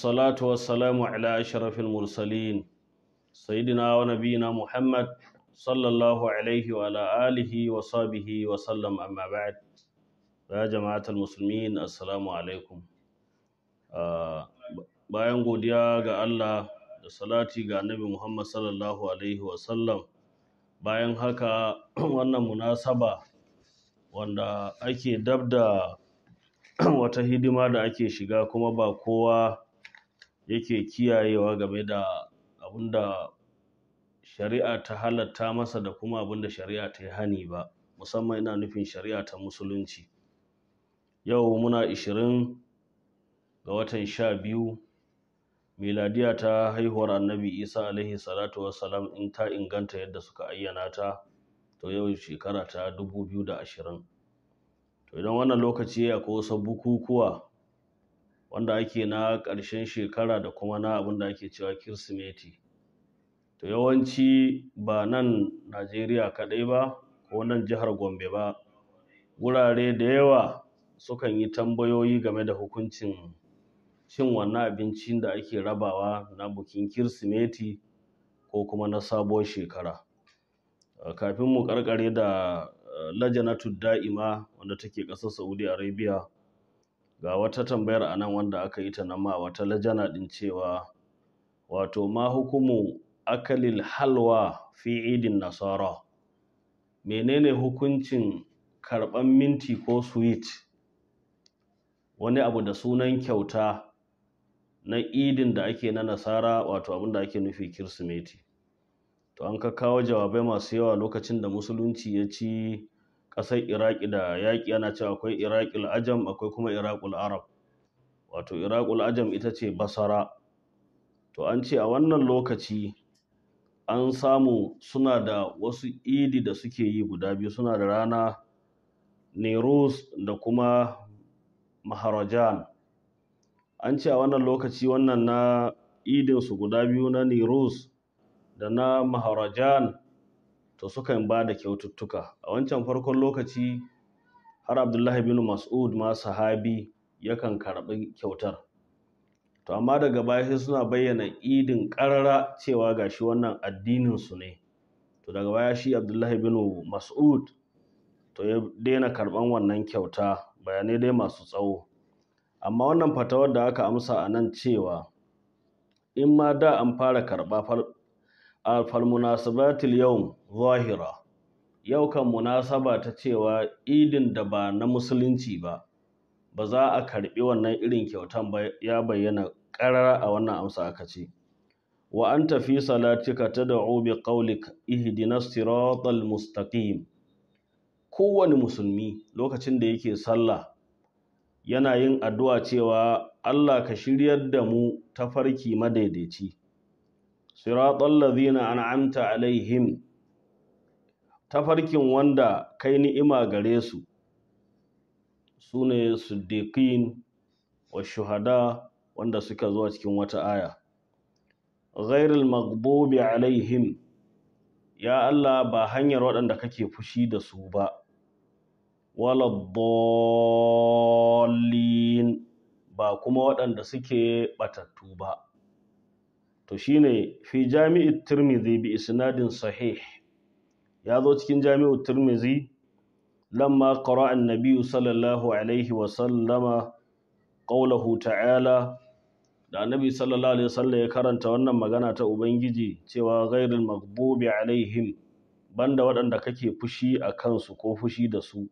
salatu wassalamu ala ashrafil mursalin sayyidina wa nabiyina muhammad sallallahu alaihi wa ala alihi wa sahbihi wa sallam amma ba'd ya jama'atul muslimin assalamu alaikum bayan godiya ga Allah da salati ga annabi muhammad sallallahu alaihi wa sallam bayan haka wannan munasaba wanda ake dabda wata hidima da ake shiga kuma ba kowa yake kiyayewa game da abin da shari'a ta halatta masa da kuma abin da shari'a ta yi hani ba musamman ina nufin shari'a ta musulunci yau muna 20 ga watan sha biyu miladiya ta haihuwar annabi isa alaihi salatu wassalam in ta inganta yadda suka ayyana ta to yau shekara ta 2020 to idan wannan lokaci ya ko bukukuwa wanda ake na ƙarshen shekara da kuma na abin da ake cewa kirsimeti to yawanci ba nan najeriya kaɗai ba ko nan jihar gombe ba wurare da yawa sukan yi tambayoyi game da hukuncin cin wannan abincin da ake rabawa na bukin kirsimeti ko kuma na sabuwar shekara eh, kafin mu karkare da eh, lajanatu da'ima wanda take ƙasar saudi arabia ga wata tambayar a nan wanda aka yi ta nan ma wata lajana ɗin cewa wato ma hukumu akalil halwa fi idin nasara menene hukuncin karɓan minti ko sweet wani abu da sunan kyauta na idin da ake na nasara wato abin da ake nufi kirsimeti to an ka kawo jawabai masu yawa lokacin da musulunci ya ci ƙasar iraki da yaƙi ana ce akwai iraqul ajam akwai kuma iraqul arab wato iraqul ajam ita ce basara to an ce a wannan lokaci an samu suna da wasu idi da suke yi guda biyu suna da rana nerus da kuma maharajan an ce a wannan lokaci wannan na su guda biyu na nerus da na maharajan to sukan ba da kyaututtuka a wancan farkon lokaci har abdullahi bin mas'ud ma sahabi yakan karɓi kyautar to amma daga baya sai suna bayyana idin ƙarara cewa ga shi wannan addinin su ne to daga baya shi abdullahi bin mas'ud to ya daina karɓan wannan kyauta bayanai dai masu tsawo amma wannan fatawar da aka amsa a nan cewa in ma da an fara karɓa munasabatil yau zahira yau kan munasaba ta cewa idin da ba na musulunci ba ba za a karbi wannan irin kyautan ba ya bayyana karara a wannan amsa aka ce wa an tafi salatika tad'u bi qawlik ihdina siratal mustaqim kowane musulmi lokacin da yake sallah yana yin addu'a cewa Allah ka shiryar da mu tafarki madaidaici siratal ladhina an'amta alaihim tafarkin wanda kai ni'ima gare su sune siddiqin wa shuhada wanda suka zo cikin wata aya ghairil maghdubi alaihim ya Allah ba hanyar waɗanda kake fushi da su ba waladdallin ba kuma waɗanda suke ɓatattu ba to shine fi jami'it turmizi bi isnadin sahih ya zo cikin jami'ut turmizi? lamma qara'a an-nabiy sallallahu alaihi wa sallama ta'ala da annabi sallallahu alaihi wasallam ya karanta wannan magana ta ubangiji cewa ghairul Makbubi, alaihim banda waɗanda kake fushi a kansu ko fushi da su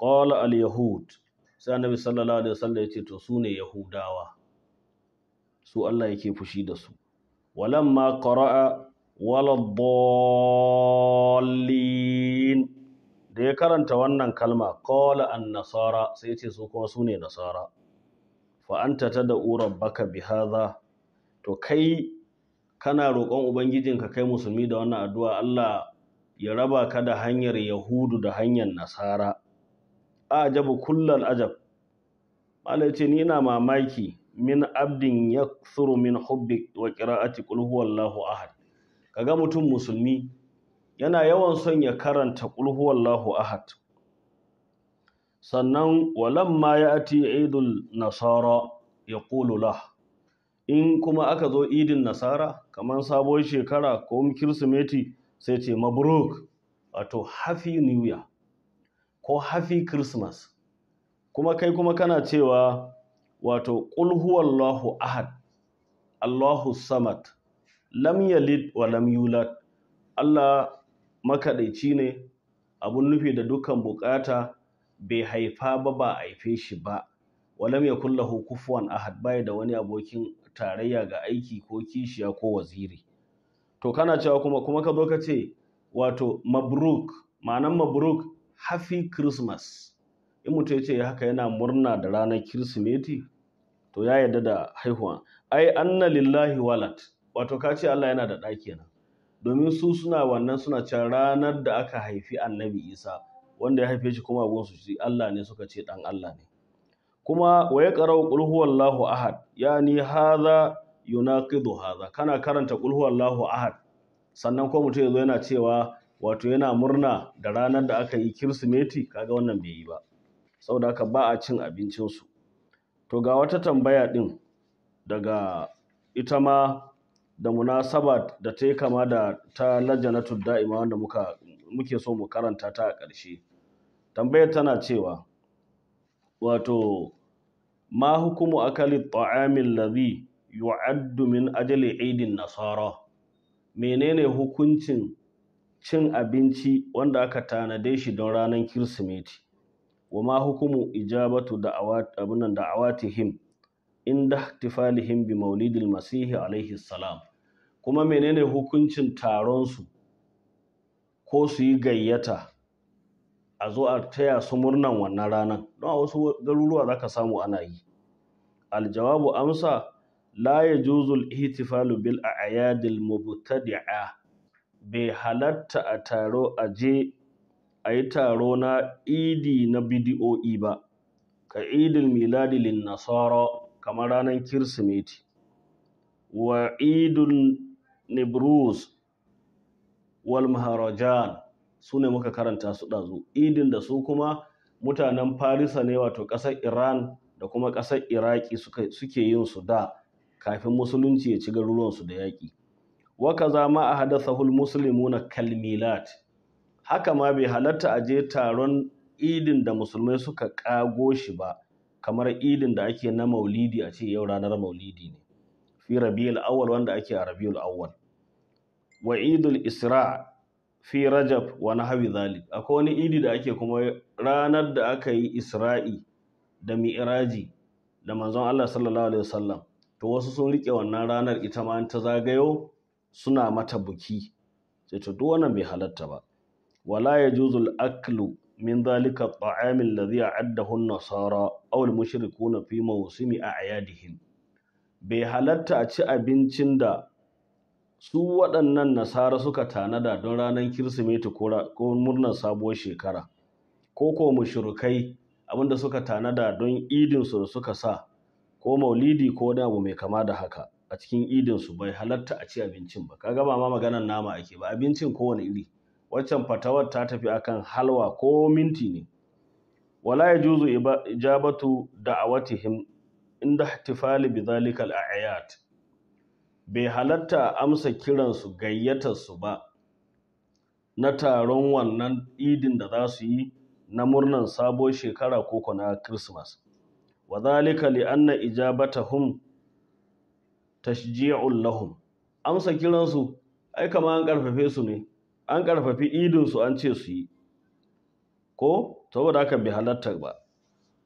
qala al yahud sai annabi sallallahu alaihi wasallam ya ce to su ne yahudawa su Allah yake fushi da su ولما قرأ ولا الضالين da ya karanta wannan kalma qala an nasara sai ce su kuma su ne nasara fa anta tad'u rabbaka bihadha to kai kana roƙon ubangijinka kai musulmi da wannan addu'a Allah ya raba ka da hanyar yahudu da hanyar nasara ajabu kullal ajab Allah ce ni ina mamaki min abdin tsuru min hubbi wa qira'ati qul huwallahu ahad kaga mutum musulmi yana yawan son ya karanta qul huwallahu ahad sannan ya ati idul nasara yaqulu lah in kuma aka zo idin nasara kamar sabon shekara ko kirsimeti sai ce mabruk wato happy new year ko happy christmas kuma kai kuma kana cewa wato qul ahad Allahu samad lam yalid wa lam yulad Allah makadaici ne abun nufi da dukkan bukata bai haifa ba ba haife shi ba walam yakul lahu kufuwan ahad bai da wani abokin tarayya ga aiki ko kishiya ko waziri to kana cewa kuma kuma ka zo ka ce wato mabruk ma'anan mabruk happy christmas in mutum ya ce haka yana murna da ranar kirsimeti to ya yarda da haihuwa ai anna lillahi walad wato ka ce Allah yana da ɗa kenan domin su suna wannan suna can ranar da aka haifi annabi isa wanda ya haife shi kuma su shi Allah ne suka ce ɗan Allah ne kuma wa ya ƙarau ahad ya ni haza yunaqidu haza kana karanta ƙulhuwallahu ahad sannan ko mutum ya zo yana cewa wato yana murna da ranar da aka yi kirsimeti kaga wannan bai yi ba saboda haka ba a cin abincinsu to ga wata tambaya ɗin daga ita ma da munasaba da ta yi kama da ta lajanatu da'ima wanda muka muke so mu karanta ta a ƙarshe tambayar tana cewa wato ma hukumu akali ta'amin lazi yu'addu min ajali aidin nasara menene hukuncin cin abinci wanda aka tanade shi don ranar kirsimeti wa ma hukumu ijabatu da'awat abunan da'awatihim inda ihtifalihim bi maulidil masihi alaihi salam kuma menene hukuncin taron su ko su yi gayyata a zo a taya su murnan wannan ranar don a wasu garuruwa za ka samu ana yi aljawabu amsa la ya ihtifalu bil a'yadil mubtadi'a bai halatta a taro a je a yi taro na idi na bidiyo'i ba, ka idil miladi lin nasara kamar ranar Kirsimeti, wa idul nebrus wal Maharajan su ne muka karanta su ɗazu, idin da su kuma mutanen Farisa ne wato ƙasar Iran da kuma ƙasar Iraki suke yin su da kafin musulunci ya ci garuruwansu da yaƙi. Waka za ma a hadasahul na kalmilat. haka ma bai halatta a je taron idin da musulmai suka ƙago shi ba kamar idin da ake na maulidi a ce yau ranar maulidi ne fi rabiul awwal wanda ake a rabiul awwal wa idul isra fi rajab wa nahwi zalik akwai wani idi da ake kuma ranar da aka yi isra'i da mi'raji da manzon Allah sallallahu alaihi wasallam to wasu sun rike wannan ranar ita ma ta zagayo suna mata buki sai to duk wannan bai halatta ba wala يجوز الأكل aklu min الطعام الذي taam النصارى أو المشركون nasara موسم أعيادهم mushrikuna fi mawsimi bai halatta a ci abincin da su waɗannan nasara suka tanada don ranar kirsimeti ko murnar sabuwar shekara ko ko mushrikai abinda suka tanada don idinsu da suka sa ko maulidi ko wani abu mai kama da haka a cikin idinsu bai halatta a ci abincin ba Ka ba ma maganar nama ake ba abincin kowane iri waccan fatawar ta tafi akan halwa ko minti ne wala ya juzu ijabatu da'awatihim inda ihtifali bi a al'ayat bai halatta amsa kiran su gayyatar su ba na taron wannan idin da za su yi na murnan sabuwar shekara ko na Christmas. Wa zalika li anna ijabatahum tashji'un lahum. Amsa kiransu ai kamar an ne an ƙarfafi idinsu an ce su yi ko saboda haka bi halatta ba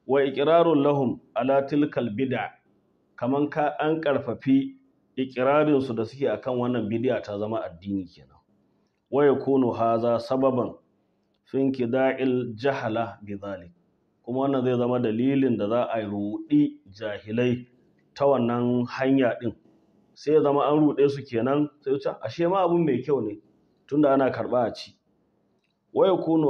wa ikirarun lahum ala tilkal bid'a kaman ka an ƙarfafi ikirarinsu da suke akan wannan bid'a ta zama addini kenan wa yakunu haza sababan fin kida'il jahala bidhalik kuma wannan zai zama dalilin da za a ruɗi jahilai ta wannan hanya ɗin sai ya zama an ruɗe su kenan sai ce ashe ma abun mai kyau ne tunda ana karɓa a ci waya kuno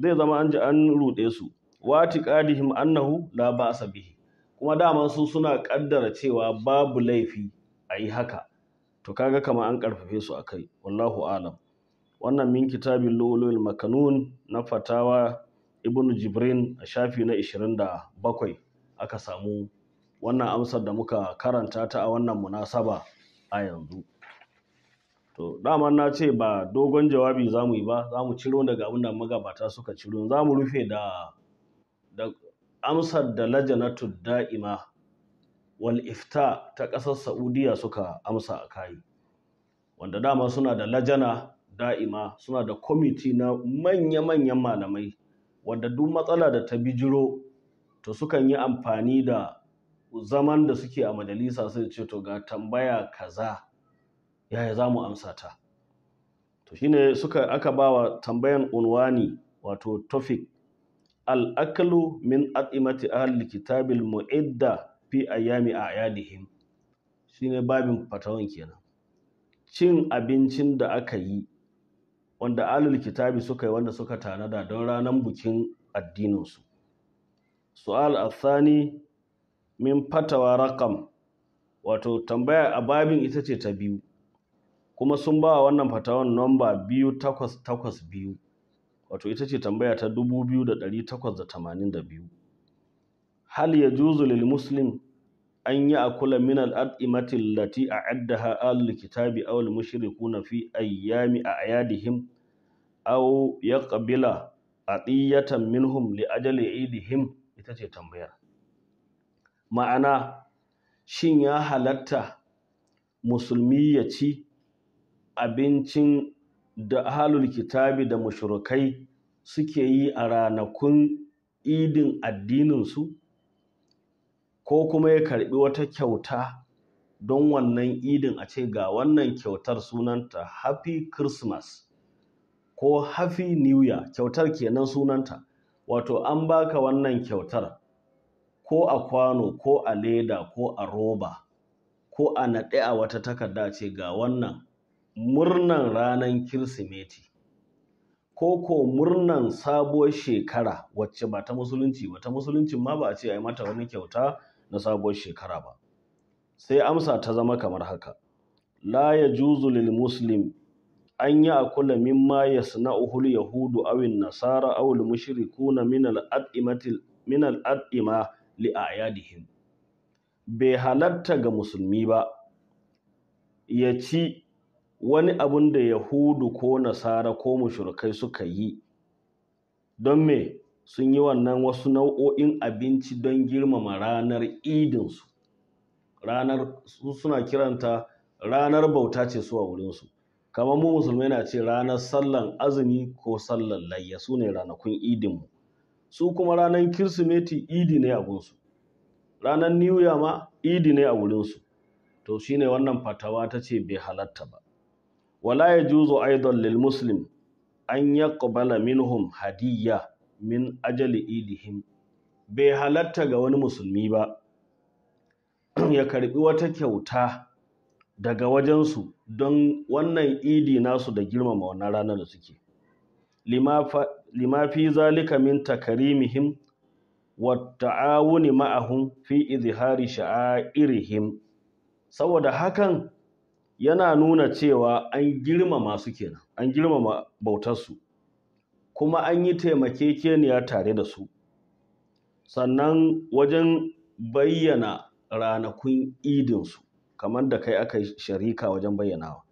zai zama an ji an ruɗe su wati qadihim annahu la ba'sa bihi kuma daman su suna kaddara cewa babu laifi a yi haka to kaga kamar an karfafe su akai wallahu alam wannan min kitabil lulul makanun na fatawa ibnu jibrin a shafi na 27 aka samu wannan amsar da muka karanta ta a wannan munasaba a yanzu To dama na ce ba dogon jawabi za mu yi ba, za mu ciro daga abin da magabata suka ciro. Za mu rufe da amsar da lajanatu da'ima wal ifta ta ƙasar Saudiya suka amsa a kayi. Wanda dama suna da lajana da'ima suna da kwamiti na manya-manyan malamai wanda duk matsala da ta bijiro to sukan yi amfani da zaman da suke a majalisa sai ce to ga tambaya kaza. yaya za mu amsa ta to shine suka aka ba wa tambayan unwani wato topic alaklu min at'imati ahli kitabil mu'idda fi ayami a ayadihim shine babin fatawan kenan cin abincin da aka yi wanda alul kitabi suka yi wanda suka tanada don ranar bukin addininsu su'al athani min fatawa rakam wato tambaya a babin ita ce ta biyu kuma sun ba wannan fatawan nomba biyu takwas takwas biyu wato ita ce tambaya ta dubu biyu da ɗari takwas da tamanin da biyu hal ya juzu lil muslim an yi akula min al'ad'imati lati a addaha al kitabi awal na fi ayyami a ayadihim aw ya kabila a ɗiyatan minhum li ajali idihim ita ce tambayar ma'ana shin ya halatta musulmi ya ci abincin da halul kitabi da mushrikai suke yi a ranakun idin addininsu ko kuma ya karbi wata kyauta don wannan idin a ce ga wannan kyautar sunanta happy christmas ko happy new year kyautar kenan sunanta wato an baka wannan kyautar ko a kwano ko a leda ko a roba ko a naɗe a wata takarda ce ga wannan murnan ranar Kirsimeti ko ko murnan sabuwar shekara wacce ba ta musulunci ba ta musulunci ma ba a ce a yi mata wani kyauta na sabuwar shekara ba sai amsa ta zama kamar haka la ya juzu lil muslim an yi a akula mimma yasna'uhu al yahudu awin nasara awul al mushrikuna min al'adima li ayadihim bai halatta ga musulmi ba ya ci wani abin da yahudu ko nasara ko mushrikai suka yi don me sun yi wannan wasu nau'o'in abinci don girmama ranar idinsu ranar suna kiranta ranar bauta ce su a wurinsu kamar mu musulmai na ce ranar sallan azumi ko sallan layya su ne ranakun idinmu su kuma ranar kirsimeti idi ne a gunsu ranar new ma idi ne a wurinsu to shine wannan fatawa ta ce bai halatta ba wala yajuzu aidan lil muslim an yaqbala minhum Hadiya min ajali idihim bai halatta ga wani musulmi ba ya karɓi wata kyauta daga wajensu don wannan idi nasu da girmama wannan ranar da suke lima fi zalika min takarimihim wa ta'awuni ma'ahum fi izhari sha'airihim saboda hakan yana nuna cewa an girmama su kenan an girmama bautarsu kuma an yi taimakekeniya tare da su sannan wajen bayyana ranakun idinsu kamar da kai aka sharika wajen bayyanawa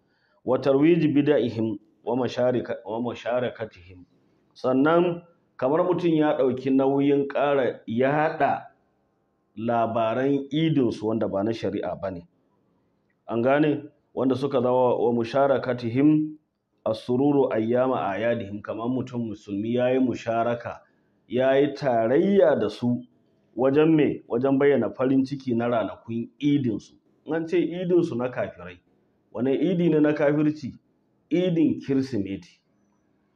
wa tarwiji bida'ihim wa masharakatihim sannan kamar mutum ya ɗauki nauyin ƙara yaɗa labaran idinsu wanda ba na shari'a ba ne an gane wanda suka zama wa musharakatihim asururu sururu ayyama ayadihim kamar mutum musulmi yayi musharaka yayi tarayya da su wajen me wajen bayyana farin ciki na ranakun idinsu. su an ce idinsu na kafirai wani idi ne na kafirci idin kirsimeti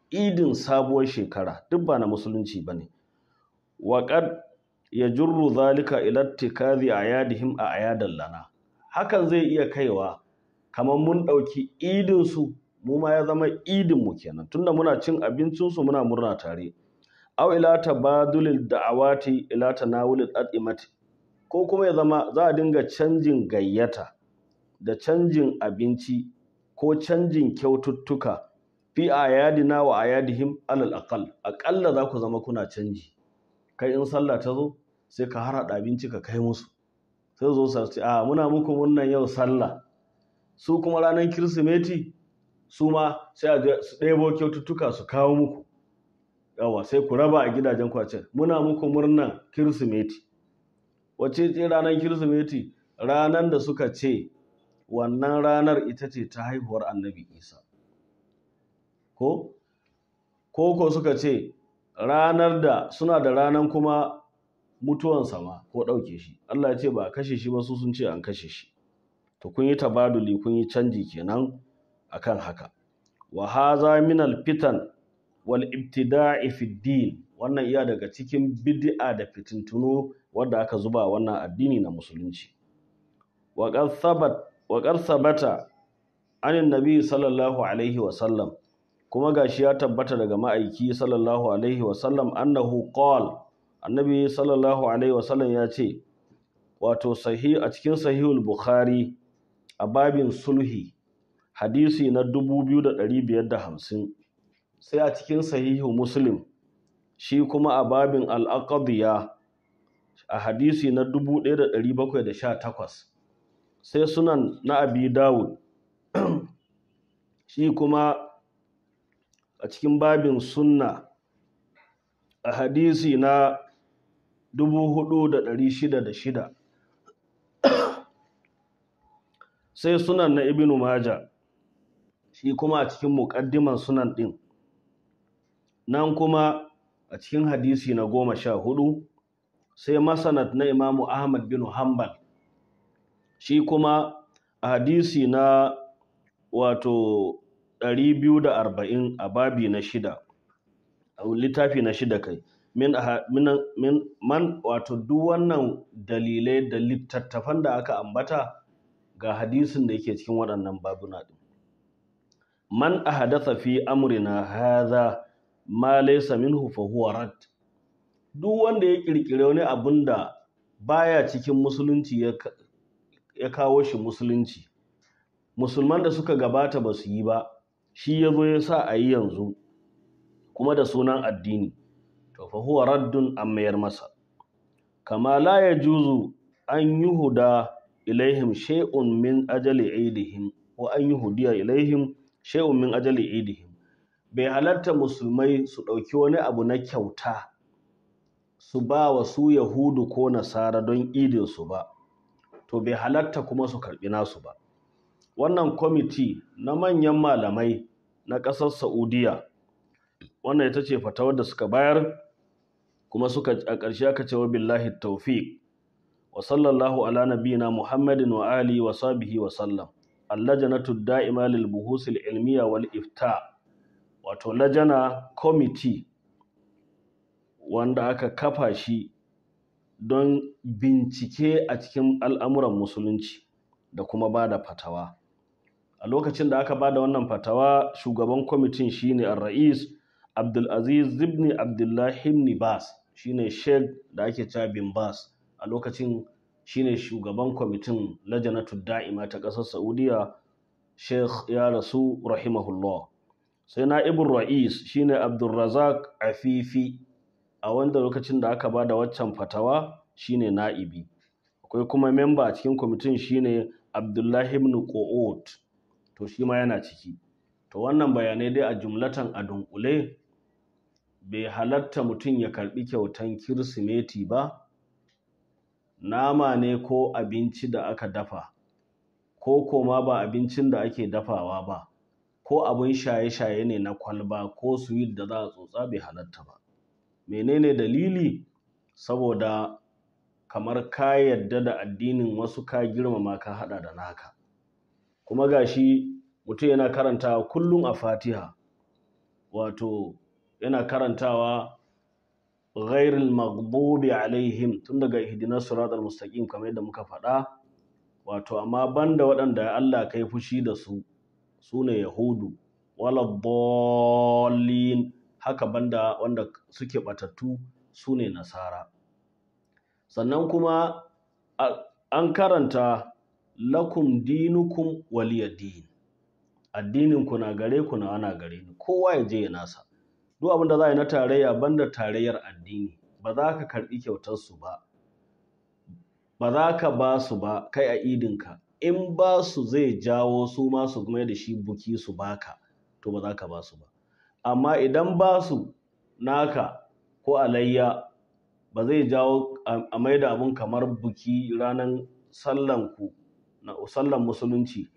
idin sabuwar shekara duk ba na musulunci bane waqad yajurru zalika ila ittikazi ayadihim a ayadan lana hakan zai iya kaiwa kamar mun ɗauki idinsu mu ma ya zama idinmu kenan tunda muna cin abincinsu muna murna tare aw ila tabadulil da'awati ila tanawulil at'imati ko kuma ya zama za a dinga canjin gayyata da canjin abinci ko canjin kyaututtuka fi ayadina wa ayadihim alal aqal aqalla za ku zama kuna canji kai in sallah ta zo sai ka harada abinci ka kai musu sai zo su a muna muku wannan yau sallah su kuma ranar kirsimeti su ma sai a su ɗebo kyaututtuka su kawo muku yawa sai ku raba a gidajen kwacin muna muku murnan kirsimeti wace ce ranar kirsimeti ranar da suka ce wannan ranar ita ce ta haihuwar annabi isa ko ko ko suka ce ranar da suna da ranar kuma mutuwan sama ko ɗauke shi allah ya ce ba a kashe shi ba su sun ce an kashe shi to kun yi tabaduli kun yi canji kenan akan haka wa haza min al fitan wal ibtida'i fi din wannan iya daga cikin bid'a da fitintuno wanda aka zuba wannan addini na musulunci wa qad thabat wa qad thabata anin nabi sallallahu alaihi wa sallam kuma gashi ya tabbata daga ma'aiki sallallahu alaihi wa sallam annahu qala annabi sallallahu alaihi wa sallam ya ce wato sahi a cikin sahihul bukhari a babin sulhi hadisi na 2550 sai a cikin sahihu muslim shi kuma a babin al'aqadiyya a hadisi na 1718 sai sunan na abi dawud shi kuma a cikin babin sunna a hadisi na 4606 sai sunan na ibinu maja shi kuma a cikin muƙaddiman sunan ɗin nan kuma a cikin hadisi na goma sha hudu sai masanat na imamu ahmad bin hanbal shi kuma a hadisi na wato 240 a babi na shida a littafi na shida kai min man wato duk wannan dalilai da littattafan da aka ambata ga hadisin da yake cikin waɗannan babuna ɗin man hadasa fi na haza ma laisa min hufa huwa duk wanda ya kirkire wani abin da baya cikin musulunci ya kawo shi musulunci musulman da suka gabata ba su yi ba shi ya zo ya sa a yi yanzu kuma da sunan addini to fa huwa raddun an mayar masa kama la ya juzu an yi huda ilaihim shay'un min ajali idihim Wa an yuhdiya ilaihim shay'un min ajali idihim bai halarta musulmai su ɗauki wani abu na kyauta su ba wa su yahudu ko nasara don idin su ba to bai halarta kuma su karɓi nasu ba wannan kwamiti na manyan malamai na ƙasar saudiya wannan ita ce fatawar da suka bayar kuma suka a ƙarshe aka ce wa billahi tawfiq wa sallallahu ala nabiyina muhammadin wa alihi wa sahbihi wa sallam اللجنة الدائمة للبحوث العلمية والإفتاء wato lajana kwamiti wanda aka kafa shi don bincike a cikin al'amuran musulunci da kuma ba da fatawa a lokacin da aka ba da wannan fatawa shugaban kwamitin shine ne rais abdulaziz zibni abdullahi bas shine sheikh da ake cabin bas a lokacin shine shugaban kwamitin Lajanatu da'ima ta ƙasar saudiya sheikh ya rasu rahimahullah sai na'ibin ra'is shine abdulrazak afifi a wanda lokacin da aka ba da waccan fatawa shine na'ibi akwai kuma memba a cikin kwamitin shine abdullahi ibn qo'ot to shi ma yana ciki to wannan bayanai dai a jumlatan a dunkule bai halatta mutum ya karbi kyautan kirsimeti ba nama ne ko abinci da aka dafa ko koma ba abincin da ake dafawa ba ko abin shaye-shaye ne na kwalba ko suwit da za a tsotsa bai halatta ba menene dalili saboda kamar ka yadda da addinin wasu ka girmama ka haɗa da naka kuma gashi mutum yana karantawa kullum a fatiha wato yana karantawa ghairil maghdubi alaihim tun daga ihdinas siratal mustaqim kamar yadda muka faɗa wato amma banda waɗanda Allah kai fushi da su sune yahudu wala dallin haka banda wanda suke batattu sune nasara sannan kuma an karanta lakum dinukum waliyadin addinin ku na gare ku na ana gare ni kowa ya je ya nasa duk abin da za a yi na tarayya banda tarayyar addini ba za ka karɓi kyautarsu ba ba za ka ba su ba kai a idinka in ba su zai jawo su ma su mai da shi buki su baka to ba za ka ba su ba amma idan ba su naka ko alayya ba zai jawo a mai da abin kamar buki ranar sallanku na sallan musulunci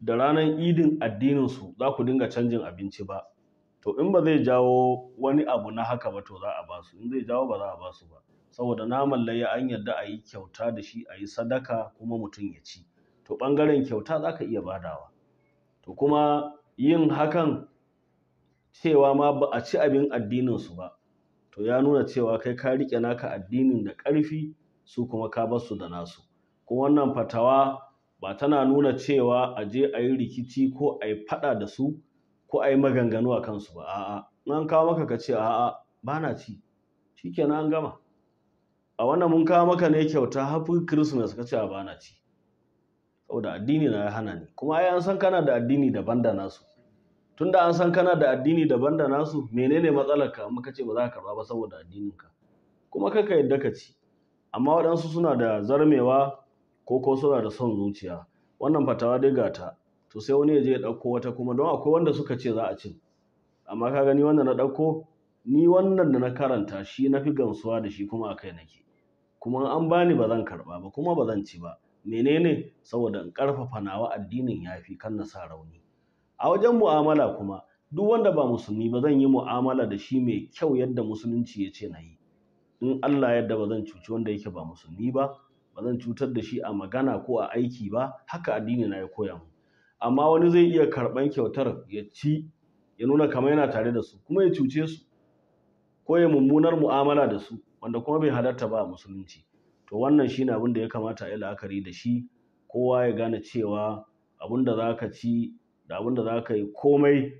da ranar idin addininsu za ku dinga canjin abinci ba to in ba zai jawo wani abu na haka ba to za a ba su in zai jawo ba za a ba su ba saboda naman layya an yarda a yi kyauta da shi a yi sadaka kuma mutum ya ci to ɓangaren kyauta za ka iya badawa to kuma yin hakan cewa ma ba a ci abin addinin su ba to ya nuna cewa kai ka rike naka addinin da ƙarfi su kuma ka bar su da nasu kuma wannan fatawa ba tana nuna cewa a je a yi rikici ko a yi faɗa da su ko a maganganu a kansu ba a'a an kawo maka ka a'a ba na ci shikenan an gama a wannan mun kawo maka ne kyauta hafi christmas ka ce ba na ci saboda addini na ya hana ni kuma ai an san kana da addini daban da nasu tunda an san kana da addini daban da nasu menene matsalar ka muka ce ba za ka karba ba saboda addinin ka kuma kaka yadda ka ci amma waɗansu suna da zarmewa ko ko suna da son zuciya wannan fatawa dai gata to sai wani ya je ya ɗauko wata kuma don akwai wanda suka ce za a cin amma ka gani wanda na ɗauko ni wannan da na karanta shi na fi gamsuwa da shi kuma a kai nake kuma an bani ba zan karɓa ba kuma ba zan ci ba menene saboda in ƙarfafa nawa addinin ya fi kan na sa rauni a wajen mu'amala kuma duk wanda ba musulmi ba zan yi mu'amala da shi mai kyau yadda musulunci ya ce na yi in Allah yadda ba zan cuci wanda yake ba musulmi ba ba zan cutar da shi a magana ko a aiki ba haka addini na ya koya mu amma wani zai iya karɓan kyautar ya ci ya nuna kamar yana tare da su kuma ya cuce su ko ya mummunar mu'amala da su wanda kuma bai halarta ba a musulunci to wannan shine abin da ya kamata a yi la'akari da shi kowa ya gane cewa abin da za ka ci da abin da za ka yi komai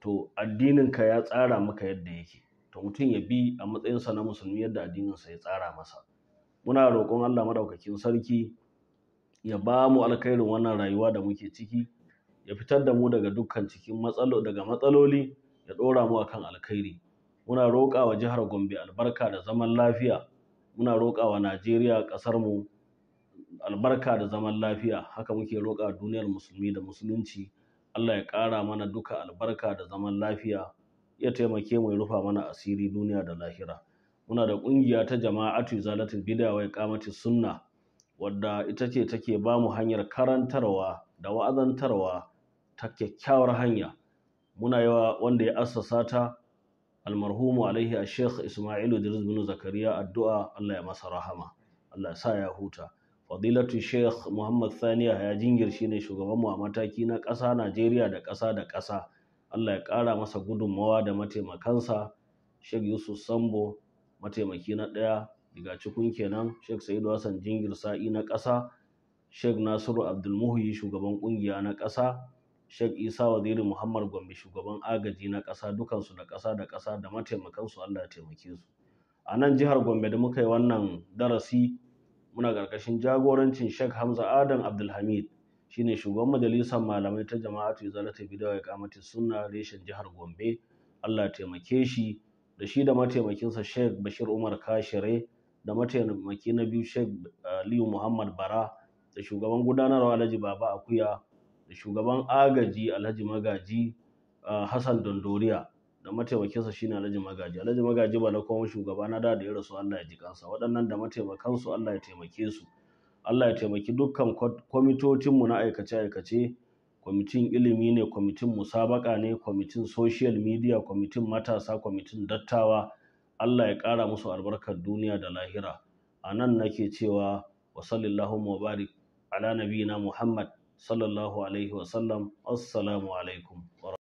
to addininka ya tsara maka yadda yake to mutum ya bi a matsayinsa na musulmi yadda addininsa ya tsara masa muna roƙon Allah madaukakin sarki ya ba mu alkhairin wannan rayuwa da muke ciki ya fitar da mu daga dukkan cikin matsalo daga matsaloli ya ɗora mu akan alkhairi muna roƙa wa jihar Gombe albarka da zaman lafiya muna roƙa wa Najeriya ƙasar mu albarka da zaman lafiya haka muke roƙa duniyar musulmi da musulunci Allah ya ƙara mana duka albarka da zaman lafiya ya taimake mu ya rufa mana asiri duniya da lahira muna da ƙungiya ta jama'atu zalatul bid'a wa iqamati sunna wadda ita ce take ba mu hanyar karantarwa da wa'azantarwa ta kyakkyawar hanya muna yawa wanda ya assasa ta almarhumu alaihi a sheikh ismailu idris bin zakariya addu'a allah ya masa rahama allah ya sa ya huta fadilatu sheikh muhammad saniya ya jingir ne shugabanmu a mataki na ƙasa najeriya da ƙasa da ƙasa allah ya ƙara masa gudunmawa da mataimakansa sheikh yusuf sambo mataimaki na ɗaya daga cikin kenan sheikh sa'idu hassan jingir sa'i na ƙasa sheikh nasiru abdulmuhi shugaban ƙungiya na ƙasa Sheikh Isa Waziri Muhammad Gombe shugaban agaji na ƙasa dukansu da ƙasa da ƙasa da mataimakansu Allah ya taimake su. A nan jihar Gombe da muka yi wannan darasi muna ƙarƙashin jagorancin Sheikh Hamza Adam Abdulhamid shine shugaban majalisar malamai ta jama'atu izalata bidawa ya kamata sunna reshen jihar Gombe Allah ya taimake shi da shi da mataimakinsa Sheikh Bashir Umar Kashire da mataimaki na biyu Sheikh Aliyu Muhammad Bara da shugaban gudanarwa Alhaji Baba Akuya shugaban agaji alhaji magaji ah, hassan dondoriya da mataimakinsa shine alhaji magaji alhaji magaji ba na kuma shugaba na da da ya rasu allah ya ji kansa waɗannan da mataimakansu allah ya taimake su allah ya taimaki dukkan kwamitocinmu na aikace-aikace kwamitin ilimi ne kwamitin musabaka ne kwamitin social media kwamitin matasa kwamitin dattawa allah ya kara musu albarkar duniya da lahira a nan nake cewa wa sallallahu ala nabiyina muhammad صلى الله عليه وسلم السلام عليكم ورحمة